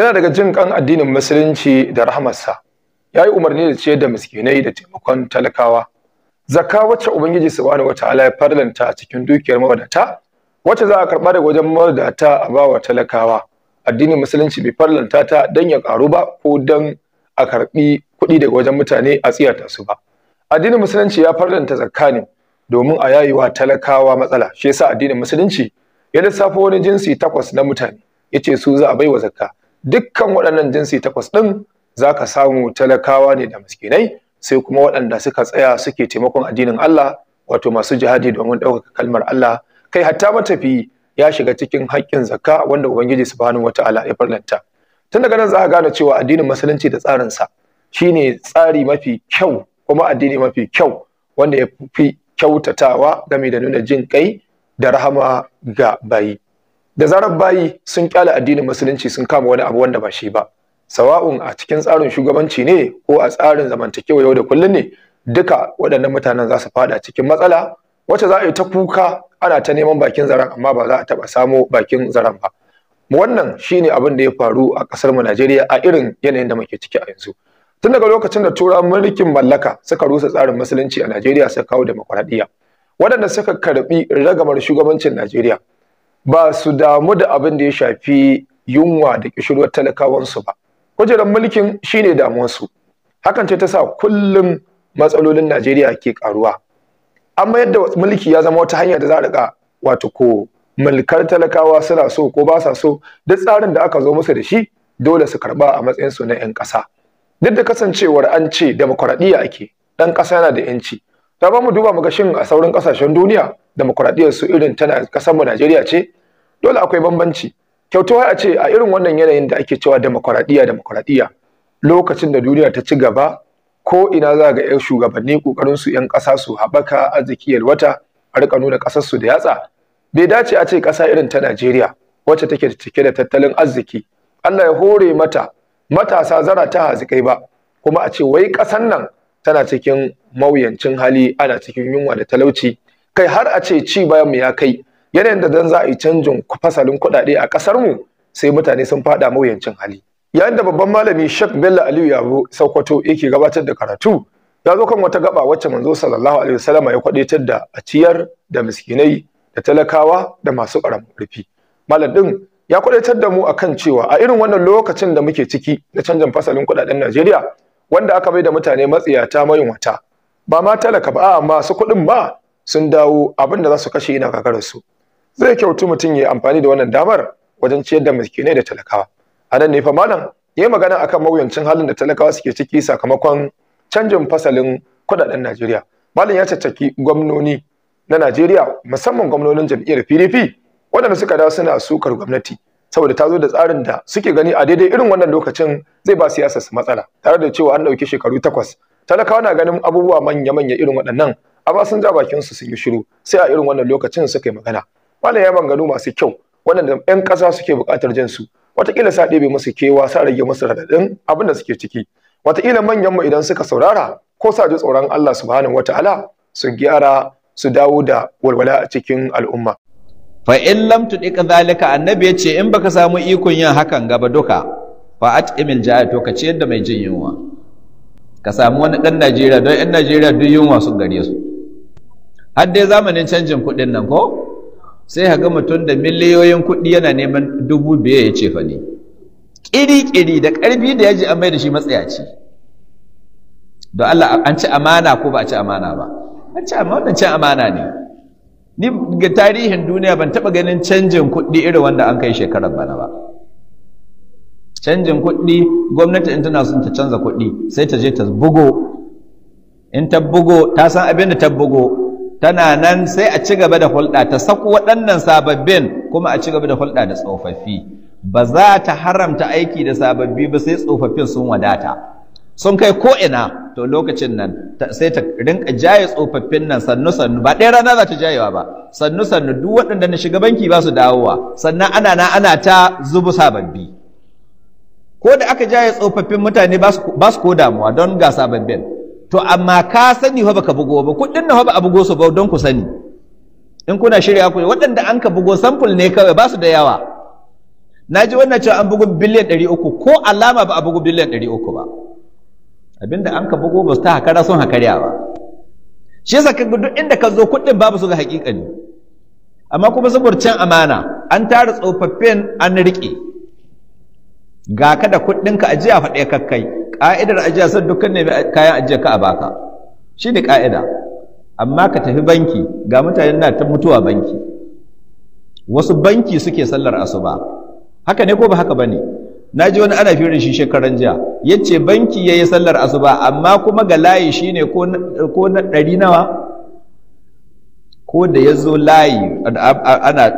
yana daga jin kan addinin musulunci da rahamarsa ya yi umarni da ciyar da miskinai da taimakon talakawa zakka wacce ubangiji subhanahu wataala ya farlanta cikin dukiyar mawadata wacce za a karɓa daga wajen mawadata a bawa talakawa addinin musulunci bai farlanta ta don ya karu ba ko don a karɓi kuɗi daga wajen mutane a tsiyata su ba addinin musulunci ya farlanta zakka ne domin a yayiwa talakawa matsala shi yasa addinin musulunci ya lissafo wani jinsi takwas na mutane yace su za a baiwa zakka dukkan waɗannan jinsi takwas ɗin za ka samu talakawa ne da miskinai sai kuma waɗanda suka tsaya suke taimakon addinin Allah wato masu jihadi domin ɗaukaka kalmar Allah kai hatta matafiyi ya shiga cikin haƙƙin zakka wanda Ubangiji subhanahu wata'ala ya farlanta tun daga nan za a gane cewa addinin musulunci da tsarinsa shine tsari mafi kyau kuma addini mafi kyau wanda ya fi kyautatawa game da nuna jin kai da rahama ga bayi da zarar bayi sun kyale addinin musulunci sun kama wani abu wanda ba shi ba sawa'un a cikin tsarin shugabanci ne ko a tsarin zamantakewa yau da kullum ne duka waɗannan mutanen za su fada cikin matsala wacce za a yi ta kuka ana ta neman bakin zaren amma ba za a taɓa samo bakin zaren ba wannan shine abin da ya faru a ƙasar mu Najeriya a irin yanayin da muke ciki a yanzu tun daga lokacin da turawan mulkin mallaka suka rusa tsarin musulunci a Najeriya suka kawo demokradiyya waɗanda suka karɓi ragamar shugabancin Najeriya ba su damu da abin da ya shafi yunwa da kishirwar talakawansu ba kujerar mulkin shine damuwarsu hakan ce ta sa kullum matsalolin Najeriya ke karuwa an mayar da mulki ya zama wata hanya da za a riƙa wato ko mulkar talakawa suna so ko ba sa so duk tsarin da aka zo musu da shi dole su karba a matsayinsu na 'yan ƙasa duk da kasancewar an ce demokuraɗiyya ake ɗan ƙasa yana da 'yanci ta ba mu duba mu ga shin a sauran ƙasashen duniya demokuraɗiyyar su irin tana ƙasar mu Najeriya ce dole akwai bambanci kyautawa a ce a irin wannan yanayin da ake cewa demokuraɗiyya demokuraɗiyya lokacin da duniya ta ci gaba ko ina za ga yan shugabanni kokarin su yan ƙasa su haɓaka arziki yalwata a rika nuna ƙasar su da yatsa bai dace a ce ƙasa irin ta Najeriya wacce take cike da tattalin arziki Allah ya hore mata matasa zara ta hazikai ba kuma a ce wai ƙasar nan tana cikin mawuyancin hali ana cikin yunwa da talauci kai har a ce ci bayan mu ya kai yanayin da dan za a yi canjin fasalin kuɗaɗe a ƙasar mu sai mutane sun faɗa mawuyancin hali yayin da babban malami Sheikh Bello Aliyu Yabo Sokoto yake gabatar da karatu ya zo kan wata gaba wacce manzo sallallahu alaihi wasallam ya kwadaitar da a ciyar da miskinai da talakawa da masu ƙaramin ƙarfi malam din ya kwadaitar da mu akan cewa a irin wannan lokacin da muke ciki na canjin fasalin kuɗaɗen Najeriya wanda aka bai da mutane matsiyata mayunwata ba ma talaka ba a masu kuɗin ba, sun dawo abin da za su kashe yana su zai kyautu mutum ya amfani da wannan damar wajen ciyar da miskinai da talakawa a nan ne fa malam ya yi magana akan mawuyancin halin da talakawa suke ciki sakamakon canjin fasalin kudaden Najeriya malam ya caccaki gwamnoni na Najeriya musamman gwamnonin jam'iyyar PDP waɗanda suka dawo suna sukar gwamnati saboda ta zo da tsarin da suke gani a daidai irin wannan lokacin zai ba siyasa su matsala tare da cewa an ɗauki shekaru takwas talakawa na ganin abubuwa manya-manya irin waɗannan amma sun ja bakin su sun yi shiru sai a irin wannan lokacin suka yi magana malam ya manganu masu kyau waɗanda 'yan ƙasa suke buƙatar jin su wataƙila sa ɗebe musu kewa sa rage musu raɗaɗin abin da suke ciki wataƙila manyan mu idan suka saurara ko sa ji tsoron Allah subhanahu wataala su gyara su dawo da walwala a cikin al'umma fa in lam tudik zalika annabi yace in baka samu ikon yin hakan gaba duka fa at'imil ja'a to ka ciyar yadda mai jin yunwa ka samu wani dan Najeriya don 'yan Najeriya duk yunwa sun gare su har dai zamanin canjin kuɗin nan ko sai ga mutum da miliyoyin kuɗi yana neman dubu biyar ya ce fa ne ƙiri-ƙiri da ƙarfi da yaji ji amai da shi matsayaci don Allah an ci amana ko ba a ci amana ba an ci amana wannan amana ne ni ga tarihin duniya ban taɓa ganin canjin kuɗi irin wanda an kai shekarar bana ba canjin kuɗi gwamnati in tana sun ta canza kuɗi sai ta je ta bugo in ta bugo ta san abin da ta bugo tana nan sai a ci gaba da hulɗa ta saku waɗannan sababbin kuma a ci gaba da hulɗa da tsofaffi ba za ta haramta aiki da sababbi ba sai tsofaffin sun wadata sun kai ko'ina to lokacin nan sai ta rinka jaye tsofaffin nan sannu sannu ba ɗaya rana za ta jayewa ba sannu sannu duk waɗanda na shiga banki ba su dawowa sannan ana na ana ta zubu sababbi ko da aka jaye tsofaffin mutane ba su ko damuwa don ga sababbin to amma ka sani fa baka bugo ba kuɗin na fa ba a bugo su ba don ku sani in kuna shirya ku waɗanda an ka bugo sample ne kawai ba su da yawa na ji wannan cewa an bugo biliyan ɗari uku ko alama ba a bugo biliyan ɗari uku ba abinda an ka bugo ba su ta hakara sun hakarya ba shi yasa ka duk inda ka zo kuɗin babu su ga hakikani amma kuma saboda can amana an tara tsofaffin an riƙe ga ka da kuɗinka ajiya faɗe kakkai ka'idar ajiya san dukkan ne kayan ajiya ka a baka shi ne ka'ida amma ka tafi banki ga mutane na ta mutuwa banki wasu banki suke sallar asuba haka ne ko ba haka bane na ji wani ana firin shi shekaran jiya ya ce banki ya yi sallar asuba amma kuma ga layi shi ne ko na ɗari nawa ko da ya zo layi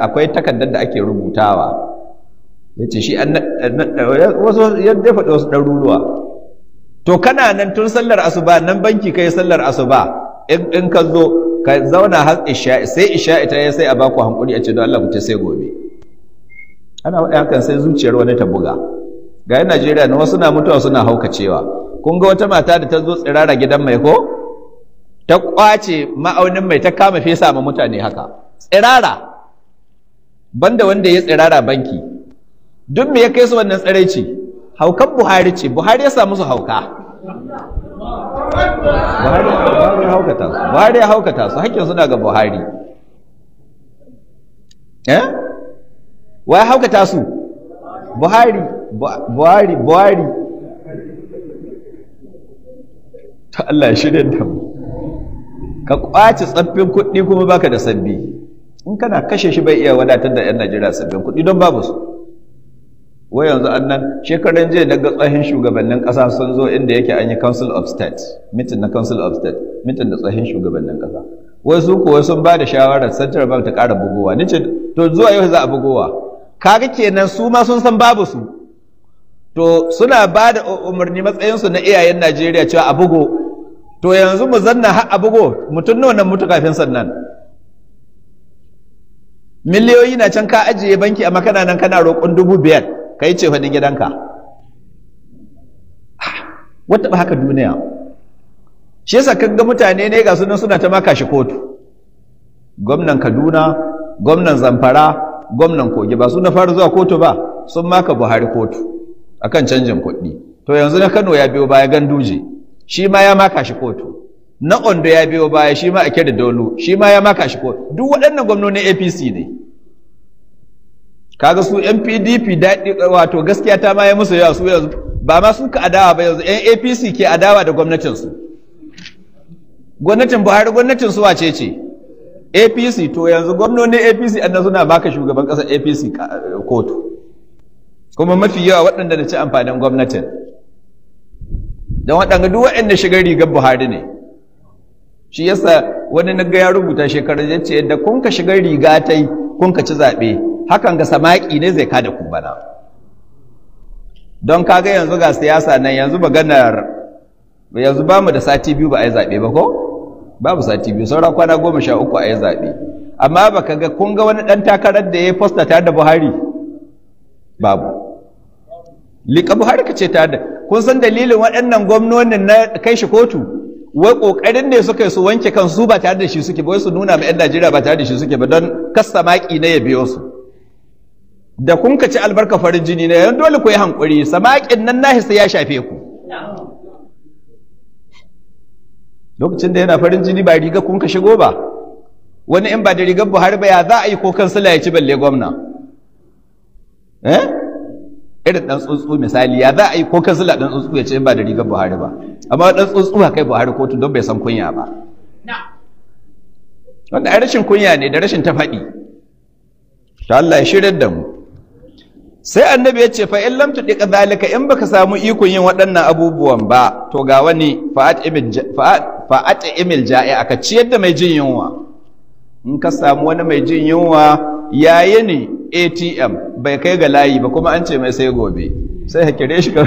akwai takardar da ake rubutawa ya ce shi wasu ya faɗi wasu ɗaruruwa to kana nan tun sallar asuba nan banki kai sallar asuba in ka zo ka zauna har isha'i sai isha'i ta sai a baku hankuri a ce don Allah ku ce sai gobe ana waɗa hakan sai zuciyar wani ta buga ga yan Najeriya na wasu na mutuwa suna haukacewa kun ga wata mata da ta zo tsirara gidan mai ko ta kwace ma'aunin mai ta kama fesa ma mutane haka tsirara banda wanda ya tsirara banki duk me ya kai su wannan tsiraici haukan buhari ce buhari ya samu su hauka buhari ya haukata su buhari ya su hakkin suna ga buhari eh wa ya haukata su buhari buhari buhari ta Allah shirya da mu ka kwace tsaffin kuɗi kuma baka da sabbi in kana kashe shi bai iya wadatar da 'yan najeriya sabbin kuɗi don babu su wai yanzu annan shekaran jiya na ga tsahin shugabannin ƙasa sun zo inda yake an yi council of state mitin na council of state mitin da tsahin shugabannin ƙasa wai su kuwa sun ba da shawarar central bank ta ƙara bugowa ce to zuwa yau za a bugowa kaga kenan su ma sun san babu su to suna ba da umarni matsayinsu na iyayen najeriya cewa a bugo to yanzu mu zanna har a bugo mutum nawa nan mutu kafin sannan miliyoyi na can ka ajiye banki a makana nan kana roƙon dubu biyar ka yi ce faɗin gidanka wata ba haka duniya shi yasa kan ga mutane ne ga sunan suna ta maka shi kotu gwamnan kaduna gwamnan zamfara gwamnan kogi ba su na fara zuwa kotu ba sun maka buhari kotu akan canjin kuɗi to yanzu na kano ya biyo baya ganduje shi ma ya maka shi kotu na ondo ya biyo baya shi ma a da dolo shi ma ya maka shi kotu duk waɗannan gwamnoni apc ne kaga su yan pdp daɗi wato gaskiya ta ma ya musu yawa su yanzu ba ma sun ka adawa ba yanzu yan apc ke adawa da gwamnatinsu gwamnatin buhari gwamnatin su wace ce apc to yanzu gwamnonin apc annan suna baka shugaban ƙasar apc kotu kuma mafi yawa waɗanda da ci amfanin gwamnatin don waɗanda duk waɗanda shiga rigar buhari ne shi yasa wani na ga ya rubuta shekarar ya ce da kun ka shiga riga ta kun ka ci zaɓe hakan ga samaki ne zai kada kumbana bana don kaga yanzu ga siyasa nan yanzu maganar yanzu ba mu da sati biyu ba a yi zaɓe ba ko babu sati biyu sauran kwana goma sha uku a yi zaɓe amma ba ka ga kun ga wani ɗan takarar da ya fosta tare da buhari babu liƙa buhari ka ce tare da kun san dalilin waɗannan gwamnonin na kai shi kotu wai ƙoƙarin ne suka yi su wanke kansu ba tare da shi suke ba wai su nuna ma 'yan Najeriya ba tare da shi suke ba don kasta maƙi ne ya biyo su da kun ka ci albarka farin jini ne yan dole ku yi hankuri samaƙin nan nahi sai ya shafe ku lokacin da yana farin jini ba riga kun ka shigo ba wani in ba da rigar buhari ba ya za a yi ko kansila ya ci balle gwamna eh irin dan tsuntsu misali ya za a yi ko kansila dan tsuntsu ya ci in ba da rigar buhari ba amma dan tsuntsu ba kai buhari kotu don bai san kunya ba wanda rashin kunya ne da rashin tafaɗi ta Allah ya shirar da mu sai annabi ya ce fa in lam tudiq zalika in baka samu ikon yin waɗannan abubuwan ba to ga wani fa'at imil ja'i aka ciyar da mai jin yunwa in ka samu wani mai jin yunwa yayi ne ATM bai kai ga layi ba kuma an ce mai sai gobe sai ka shi ka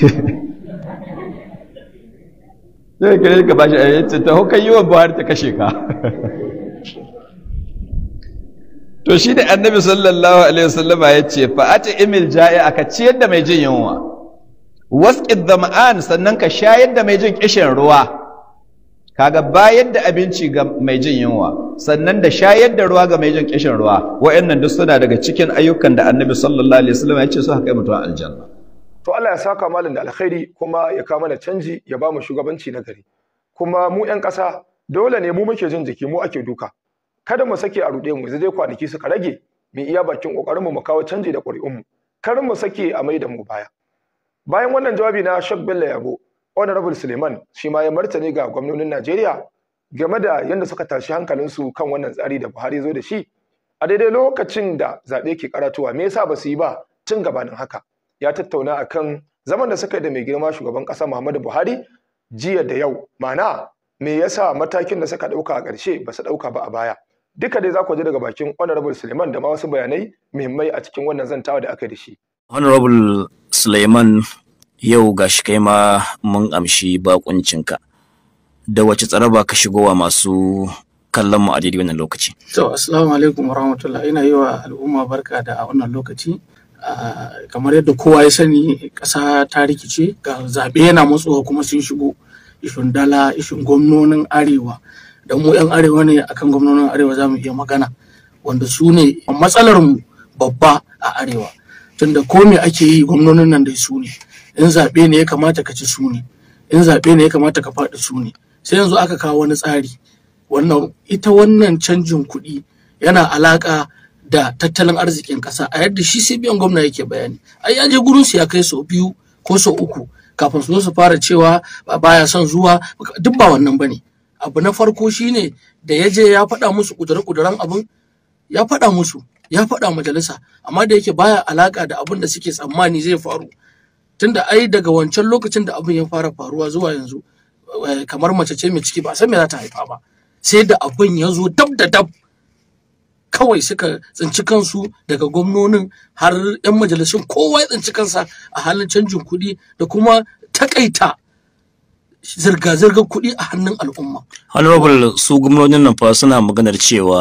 Yeah. sai kare ka bashi a eh, yace ta hukan yi wa buhari ta kashe ka to shi da annabi sallallahu alaihi wasallam ya ce fa ati imil ja'i aka ciyar da mai jin yunwa wasqid zam'an sannan ka shayar da mai jin kishin ruwa kaga bayar da abinci ga mai jin yunwa sannan da shayar da ruwa ga mai jin kishin ruwa wa'annan duk suna daga cikin ayyukan da annabi sallallahu alaihi wasallam ya ce su haka mutuwa aljanna to Allah ya saka malam da alkhairi kuma ya kawo mana canji ya ba mu shugabanci na gari kuma mu ƴan ƙasa dole ne mu muke jin jiki mu ake duka kada mu sake a ruɗe mu zai kwanaki suka rage mu iya bakin kokarin mu mu kawo canji da ƙuri'un mu kar mu sake a mai da mu baya bayan wannan jawabi na Sheikh Bello Yabo Honorable Suleiman shi ma ya martani ga gwamnonin Najeriya game da yadda suka tashi hankalin su kan wannan tsari da Buhari zo da shi a daidai lokacin da zaɓe ke karatuwa me yasa ba su yi ba tun gabanin haka ya tattauna akan zaman da suka yi da mai girma shugaban ƙasa Muhammadu Buhari jiya da yau ma'ana me yasa matakin da suka ɗauka a ƙarshe ba su ɗauka ba a baya duka dai za ku ji daga bakin honorable Suleiman da ma wasu bayanai muhimmai a cikin wannan zan zantawa da aka da shi honorable Suleiman yau gashi kai ma mun amshi bakuncinka da wace tsaraba ka shigowa masu kallon mu a daidai wannan lokaci. To assalamu alaikum warahmatullahi ina yi wa al'umma barka da a wannan lokaci Ah, kamar yadda kowa ya sani ƙasa ta rikice ga zaɓe yana matsowa kuma sun shigo ishin dala ishin gwamnonin arewa da mu 'yan arewa ne akan gwamnonin arewa za mu iya magana wanda su ne matsalar mu babba a arewa tunda ko me ake yi gwamnonin nan dai su ne in zaɓe ne ya kamata ka ci su ne in zaɓe ne ya kamata ka faɗi su ne sai yanzu aka kawo wani tsari wannan ita wannan canjin kuɗi yana alaƙa da tattalin arzikin kasa a yadda shi sai biyan gwamna yake bayani ai an je gurin su ya kai sau biyu ko sau uku kafin su zo su fara cewa baya son zuwa duk ba wannan bane abu na farko shine da ya je ya faɗa musu kudurin kuduren abin ya faɗa musu ya faɗa majalisa amma da yake baya alaƙa da abin da suke tsammani zai faru tunda ai daga wancan lokacin da abin ya fara faruwa zuwa yanzu eh, kamar mace ce mai ciki ba san me za ta haifa ba sai da abin ya zo dab da dab kawai suka tsinci kansu daga gwamnonin har 'yan majalisun kowa ya tsinci kansa a halin canjin kuɗi da kuma takaita zirga-zirgar kuɗi a hannun al'umma. Honorable su gwamnonin nan fa suna maganar cewa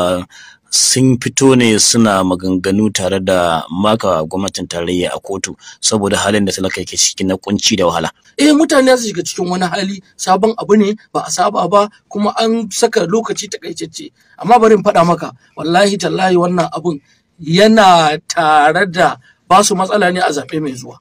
sun fito ne suna maganganu tare da maka gwamnatin tarayya a kotu saboda halin da talaka yake ciki na kunci da wahala. eh mutane su shiga cikin wani hali sabon abu ne ba a saba ba kuma an saka lokaci takaitacce amma bari in faɗa maka wallahi tallahi wannan abun yana tare da ba su matsala ne a zaɓe mai zuwa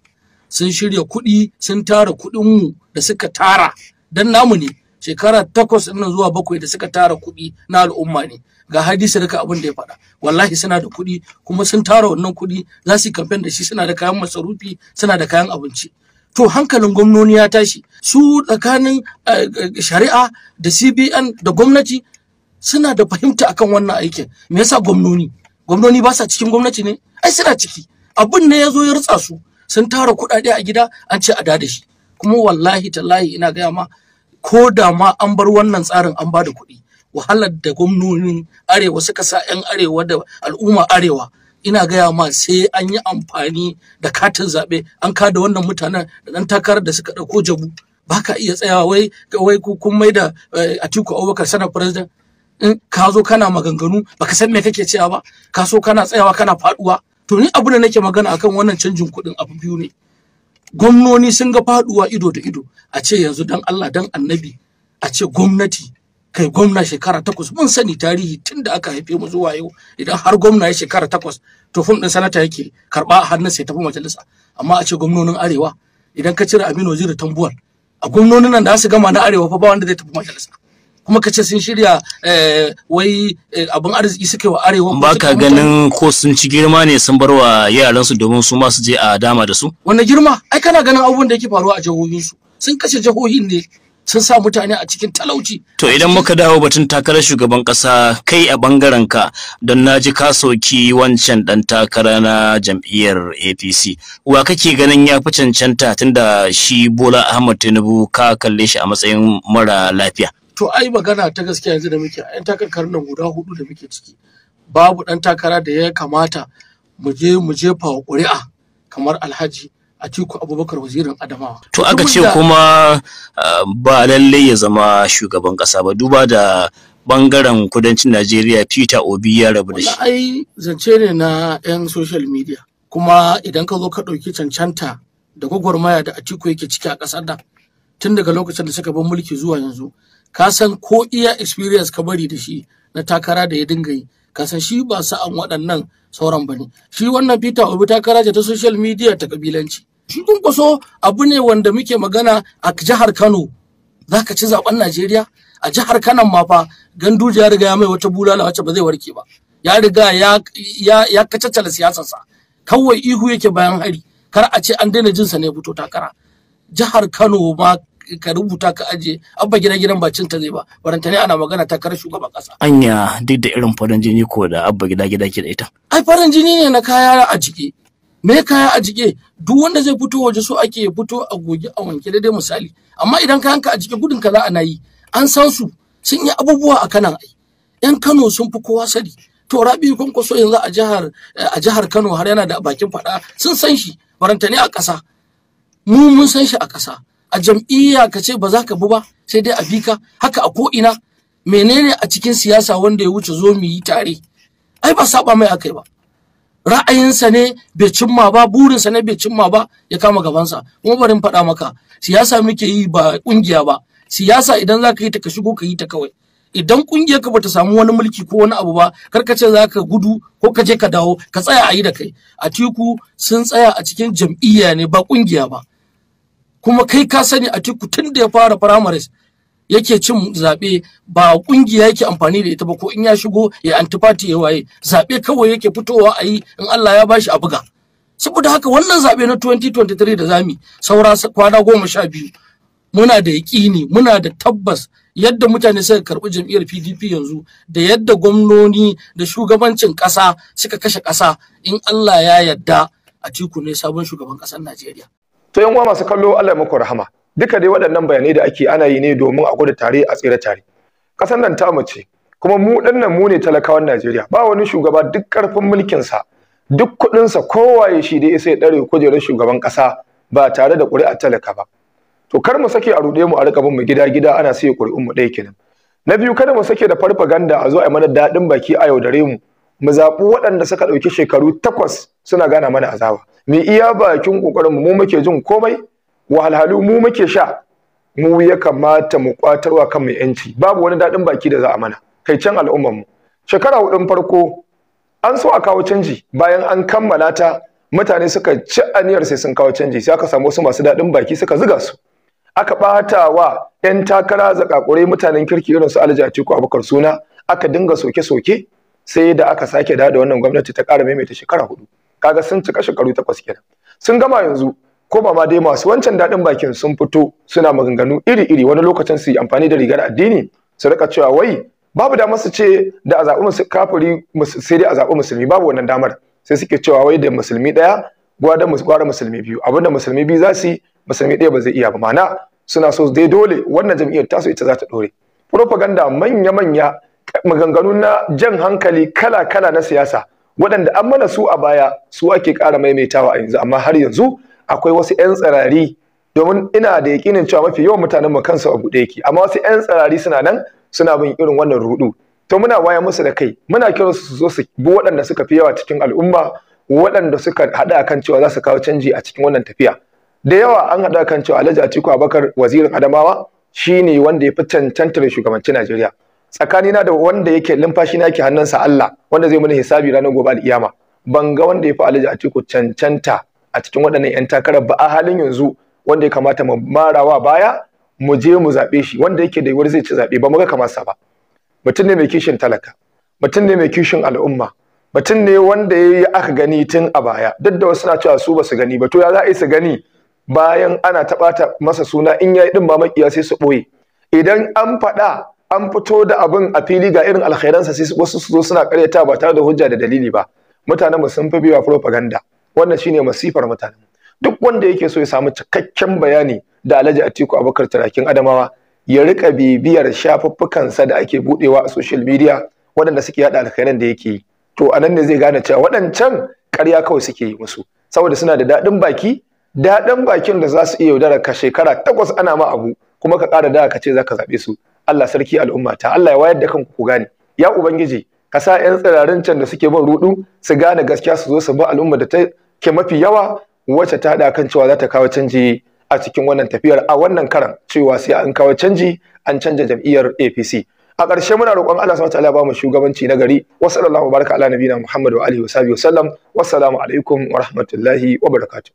sun shirya kuɗi sun tara kuɗinmu da suka tara dan namu ne shekara takwas ɗin zuwa bakwai da suka tara kuɗi na al'umma ne ga hadisi duka abin da ya faɗa wallahi suna da kuɗi kuma sun tara wannan kuɗi za su yi kamfen da shi suna da kayan masarufi suna da kayan abinci to hankalin gwamnoni ya tashi su tsakanin eh, eh, shari'a da cbn da gwamnati suna da fahimta akan wannan aikin me yasa gwamnoni gwamnoni ba sa cikin gwamnati ne ai suna ciki abin ne ya zo ya rutsa su sun tara kuɗaɗe a gida an ce a da shi kuma wallahi tallahi ina gaya ma ko da ma an bar wannan tsarin an bada da kuɗi wahalar da gwamnonin arewa suka sa 'yan arewa da al'umma arewa ina gaya ma sai an yi amfani da katin zaɓe an kada wannan mutanen da ɗan takarar da suka ɗauko jabu ba ka iya tsayawa wai kun mai da eh, Atiku Abubakar sanar president in ka zo kana maganganu baka san me kake cewa ba ka so kana tsayawa kana faduwa to ni abu da nake magana akan wannan canjin kuɗin abu biyu ne gwamnoni sun ga faduwa ido da ido a ce yanzu dan Allah dan annabi a ce gwamnati kai gwamna shekara takwas mun sani tarihi tun da aka haife mu zuwa yau idan har gwamna ya shekara takwas to fom ɗin sanata yake karba a hannun sai tafi majalisa amma a ce gwamnonin arewa idan ka cire Aminu Waziri Tambuwal a gwamnonin nan da su gama na arewa fa ba wanda zai tafi majalisa kuma ka ce sun shirya eh, wai eh, abin arziki suke wa arewa ba ka ganin ko sun ci girma ne sun bar wa yaransu domin su ma su je a dama da su wanne girma ai kana ganin abubuwan da yake faruwa a su sun kashe jihohin ne sun sa mutane a cikin talauci. To idan muka dawo batun takarar shugaban kasa kai a bangaren don na ji ka soki wancan dan takara na jam'iyyar APC. Wa kake ganin ya fi cancanta tunda shi Bola Ahmad Tinubu ka kalle shi a matsayin mara lafiya. To ai magana ta gaskiya yanzu da muke yan takarkar nan guda hudu da muke ciki. Babu dan takara da ya kamata mu je mu jefa ƙuri'a kamar Alhaji Atiku Abubakar wazirin Adamawa. To aka ce kuma ah, ba lalle ya zama shugaban ƙasa ba duba da bangaren kudancin Najeriya Peter Obi ya rabu da shi. Ai zance ne na 'yan social media kuma idan ka zo ka ɗauki cancanta da gwagwarmaya da Atiku yake ciki a ƙasar da tun daga lokacin da suka bar mulki zuwa yanzu ka san ko iya experience ka bari da shi na takara da ya dinga yi ka san shi ba sa'an waɗannan sauran ba ne shi wannan peter obi takara ce ta social media ta kabilanci shi kwankwaso abu ne wanda muke magana a jihar kano za ka ci zaben najeriya a jihar Kano ma fa ganduje ya riga ya mai wata bulala wacce ba zai warke ba ya riga ya ya, ya kacaccala siyasarsa kawai ihu yake bayan hari kar a ce an daina jinsa ne fito takara jihar kano ma ka rubuta ka aje abba gida gidan ba cinta zai ba baranta ne ana magana ta karar shugaban kasa anya duk da irin farin jini ko da abba gida gida ke da ita ai farin jini ne na kaya a jiki me kaya a jike duk wanda zai fito waje so ake fito a goge a wanke daidai misali amma idan kayanka a jike gudun kaza ana yi an san su sun yi abubuwa a kanan ai yan Kano sun fi kowa sani to Rabi so yanzu a jihar a jihar Kano har yana da bakin fada sun san shi barantane a kasa. mu mun san shi a kasa. a jam'iyya ka ce ba za ka bi ba sai dai a bi ka haka a ko ina menene a cikin siyasa wanda ya wuce zo mu yi tare ai ba saba mai akai ba ra'ayinsa ne bai cimma ba burinsa ne bai cimma ba ya kama gabansa kuma barin faɗa maka siyasa muke yi ba ƙungiya ba siyasa idan za ka yi ta ka shigo ka yi ta kawai idan ƙungiyarka ka bata samu wani mulki ko wani abu ba kar ka ce za ka gudu ko ka je ka dawo ka tsaya a yi da kai a tiku sun tsaya a cikin jam'iyya ne ba ƙungiya ba kuma kai ka sani a tiku tun da ya fara primaries yake cin zaɓe ba ƙungiya yake amfani da ita ba ko in ya shigo ya antifati ya waye zaɓe kawai yake fitowa a yi in Allah ya bashi a buga saboda haka wannan zaɓe na 2023 da zami saura kwana goma sha biyu muna da yaƙini muna da tabbas yadda mutane suka karɓi jam'iyyar PDP yanzu da yadda gwamnoni da shugabancin ƙasa suka kashe ƙasa in Allah ya yadda a tiku ne sabon shugaban ƙasar Najeriya. To yan masu kallo Allah ya muku rahama. duka dai waɗannan bayanai da ake ana yi ne domin a gudu tare a tsira tare ƙasar nan ta mace kuma mu ɗannan mu ne talakawan Najeriya ba wani shugaba duk ƙarfin sa duk kuɗinsa ya shi dai sai ɗare kujerar shugaban ƙasa ba tare da ƙuri'a talaka ba to kar mu sake a ruɗe mu a rika bin mu gida gida ana sai ƙuri'un mu ɗaya kenan na biyu kada mu sake da farfaganda a zo a mana daɗin baki a yaudare mu mu zaɓi waɗanda suka ɗauki shekaru takwas suna gana mana azaba. Me iya bakin kokarin mu mu muke jin komai wahalhalu mu muke sha mu ya kamata mu kwatarwa kan mai yanci babu wani dadin baki da za a mana kai can al'ummar mu shekara hudun farko an so a kawo canji bayan an kammala ta mutane suka ci aniyar sai sun kawo canji sai aka samu wasu masu dadin baki suka zuga su aka bata wa yan takara zakakure mutanen kirki irin su Alhaji Atiku Abubakar suna aka dinga soke-soke sai da aka sake da wannan gwamnati ta ƙara maimaita shekara hudu kaga sun cika shekaru takwas kenan sun gama yanzu ko ma dai masu wancan daɗin bakin sun fito suna maganganu iri-iri wani lokacin su yi amfani da rigar addini su rika cewa wai babu damar su ce da a zaɓi kafiri sai dai a zaɓi musulmi babu wannan damar sai suke cewa wai da musulmi ɗaya gwada gwara musulmi biyu abinda musulmi biyu za su yi musulmi ɗaya ba zai iya ba Mana suna so dai dole wannan jam'iyyar tasu ita za ta ɗore propaganda manya-manya maganganu na jan hankali kala-kala na siyasa waɗanda an mana su a baya su ake ƙara maimaitawa a yanzu amma har yanzu akwai wasu 'yan tsirari domin ina da yakinin cewa mafi yawan mutanen mu kansu a buɗe yake amma wasu 'yan tsirari suna nan suna bin irin wannan rudu to muna waya musu da kai muna kira su zo su bi waɗanda suka fi yawa cikin al'umma waɗanda suka haɗa kan cewa za su kawo canji a cikin wannan tafiya da yawa an haɗa kan cewa Alhaji Atiku Abubakar wazirin Adamawa shine wanda ya fi cancantar shugabanci Najeriya tsakani na da wanda yake limfashi na yake hannunsa Allah wanda zai mini hisabi ranar gobe al'iyama ban ga wanda ya fi Alhaji Atiku cancanta a cikin waɗannan 'yan takarar ba a halin yanzu wanda ya kamata mu marawa baya mu je mu zaɓe shi wanda yake da yiwuwar zai ci zaɓe ba mu ga sa ba mutum ne mai kishin talaka mutum ne mai kishin al'umma mutum ne wanda ya yi aka gani tun a baya duk da wasu na cewa su ba su gani ba to ya za a yi su gani bayan ana taɓata masa suna in ya yi ɗin ba makiya sai su ɓoye idan an faɗa an fito da abin a fili ga irin alkhairansa sai wasu su zo suna karyata ba tare da hujja da dalili ba mutanen mu sun fi biwa propaganda wannan shine masifar mutane duk wanda yake so ya samu cikakken bayani da Alhaji Atiku Abubakar Tarakin Adamawa ya rika bibiyar shafuffukansa da ake budewa a social media waɗanda suke yada alkhairan da yake to anan ne zai gane cewa waɗancan ƙarya kawai suke yi musu saboda suna da daɗin baki daɗin bakin da za su iya yaudara ka shekara takwas ana ma abu kuma ka ƙara da ka ce za ka zaɓe su Allah sarki al'umma ta Allah ya wayar da kanku ku gane ya ubangiji ka sa 'yan tsirarin can da suke bin rudu su gane gaskiya su zo su bi al'umma da ta ke mafi yawa wacce ta haɗa kan cewa za ta kawo canji a cikin wannan tafiyar a wannan karan cewa sai an kawo canji an canja jam'iyyar APC a ƙarshe muna roƙon Allah subhanahu wataala ba mu shugabanci na gari wa sallallahu baraka ala nabiyina Muhammad wa alihi wa sahbihi wa sallam wassalamu alaikum wa rahmatullahi wa barakatuh